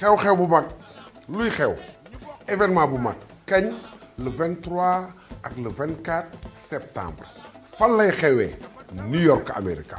xew-xew bu mag luy xew événement bu mag kañ le 23 ak le 24 septembre fan lay xewee New York America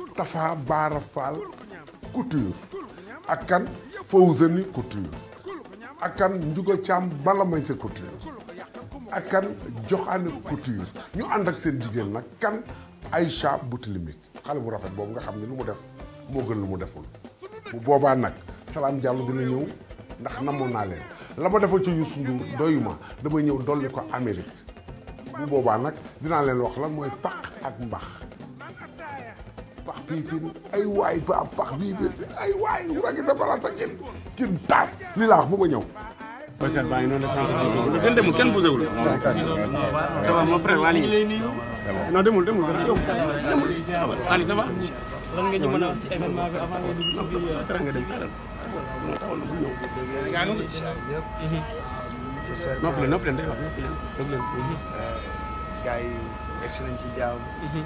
Tafa Baara Fall couture ak kan Fawzani couture ak kan Ndiouga Thiam bala may sa couture ak kan Joxaane couture ñu ànd ak seen jigéen nag kan ay Aïcha Boutilimique xale bu rafet boobu nga xam ne lu mu def moo gën lu mu deful bu boobaa nag Salam Diallo dina ñëw ndax namoon naa leen la ma defal ci Youssou Ndour doyuma damay ñëw dool dolli ko Amérique bu boobaa nag dinaa leen wax lan mooy paq ak mbax pax bii fii ay waay ba pax bii fii ay waay ragi dafarata kin kin taas li laa wax bu ba ñëw baykat baa ngi noonu la sant gën demul kenn bougéwul ça va mon frère Waly demul demul Waly ça va lan nga ñu mën a wax ci événement bi avant nga dugg ci biir nopp leen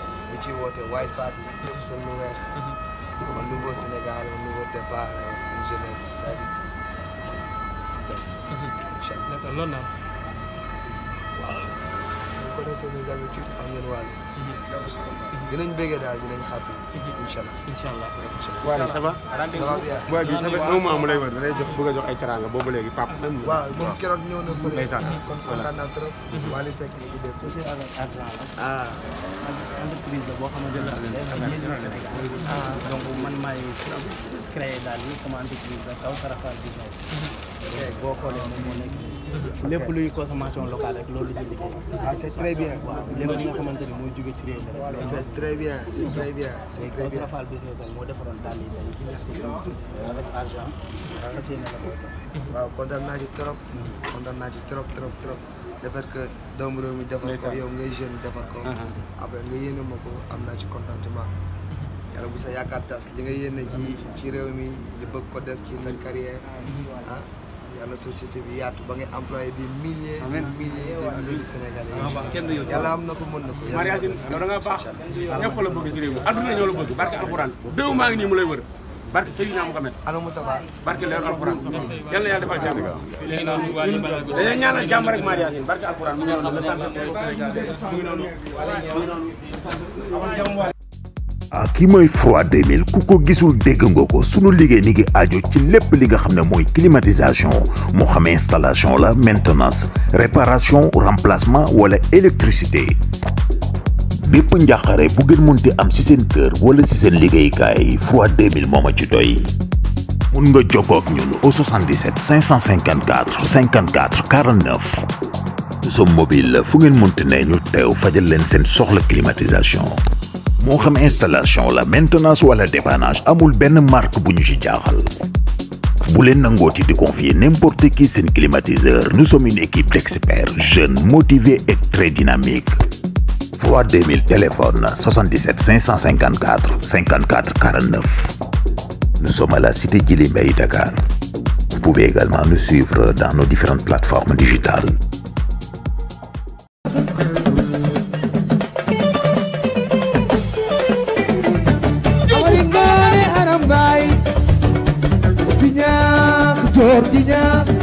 ñu ciy woote White Party yëpp sa lu nouveau Sénégal nouveau départ une uh, jeunesse salut. incha allah connaissez mes a xam ngeen wàllu. Mhm. Mhm. dinañ bëggee daal dinañ xàppi. Mhm. incha allah incha allah. waaw ça va. ça va bien. waaw bi tamit un mois mu lay wër da lay jox bëgg a jox ay teraanga boobu léegi Pape. waaw moom keroog ñëw na fële. kon kontaan naa nekk Mm-hmm. lépp luy consommation locale rek loolu la ñu liggéey. ah c' est très bien. waaw lépp li nga xamante ni mooy jóge ci réew mi rek. c' est très bien c' est très bien. c' est très bien donc Rafal business daal waaw euh, ah. fas yéene mm-hmm. naa ci trop. Mm-hmm. kontaan naa ci trop trop trop. le que doomu réew mi defar ko yow ngay jeune defar ko. Uh-huh. après nga yéene ma ko am naa ci contentement. bu sa yaakaar li nga yéene ci ci réew mi li ko def ci sa carrière ah. yàlla société bi yaatu ba ngay employé des milliers des milliers des milliers de Sénégalais ah, yàlla am na ko mën na ko mariage yow da nga baax bëgg ci réew mi la bëgg barke alxuraan déw maa ngi nii mu lay wër barke Seydina Mohamed ana Moussa Ba barke leer alxuraan yal na yàlla defal jàmm dañuy rek mariage barke alxuraan mu ngi noonu la sant mu ngi noonu qui ah, kii froid 2000 kuko gisul deg ngoko ko sunu liggéey mi ngi aju ci lepp li nga xam moy climatisation mo xamé installation la maintenance réparation remplacement wala électricité bépp njàqare bu ngeen mënti am si seen kër wala si seen kay froid 2000 moma ci doy. mun nga jokkoo ak ñun au 77 554 54 49. Nous sommes mobiles fu ngeen nous ne ñu teew fajal leen seen soxla climatisation moo installation la maintenance wala dépannage amul à marque buñu ñu ci voulez bu confier n'importe qui sen climatiseur nous sommes une équipe d'experts jeunes motivés et très dynamiques. 3 2000 téléphone 77 554 54 49 nous sommes à la cité de Dakar vous pouvez également nous suivre dans nos différentes plateformes digitales Jordiña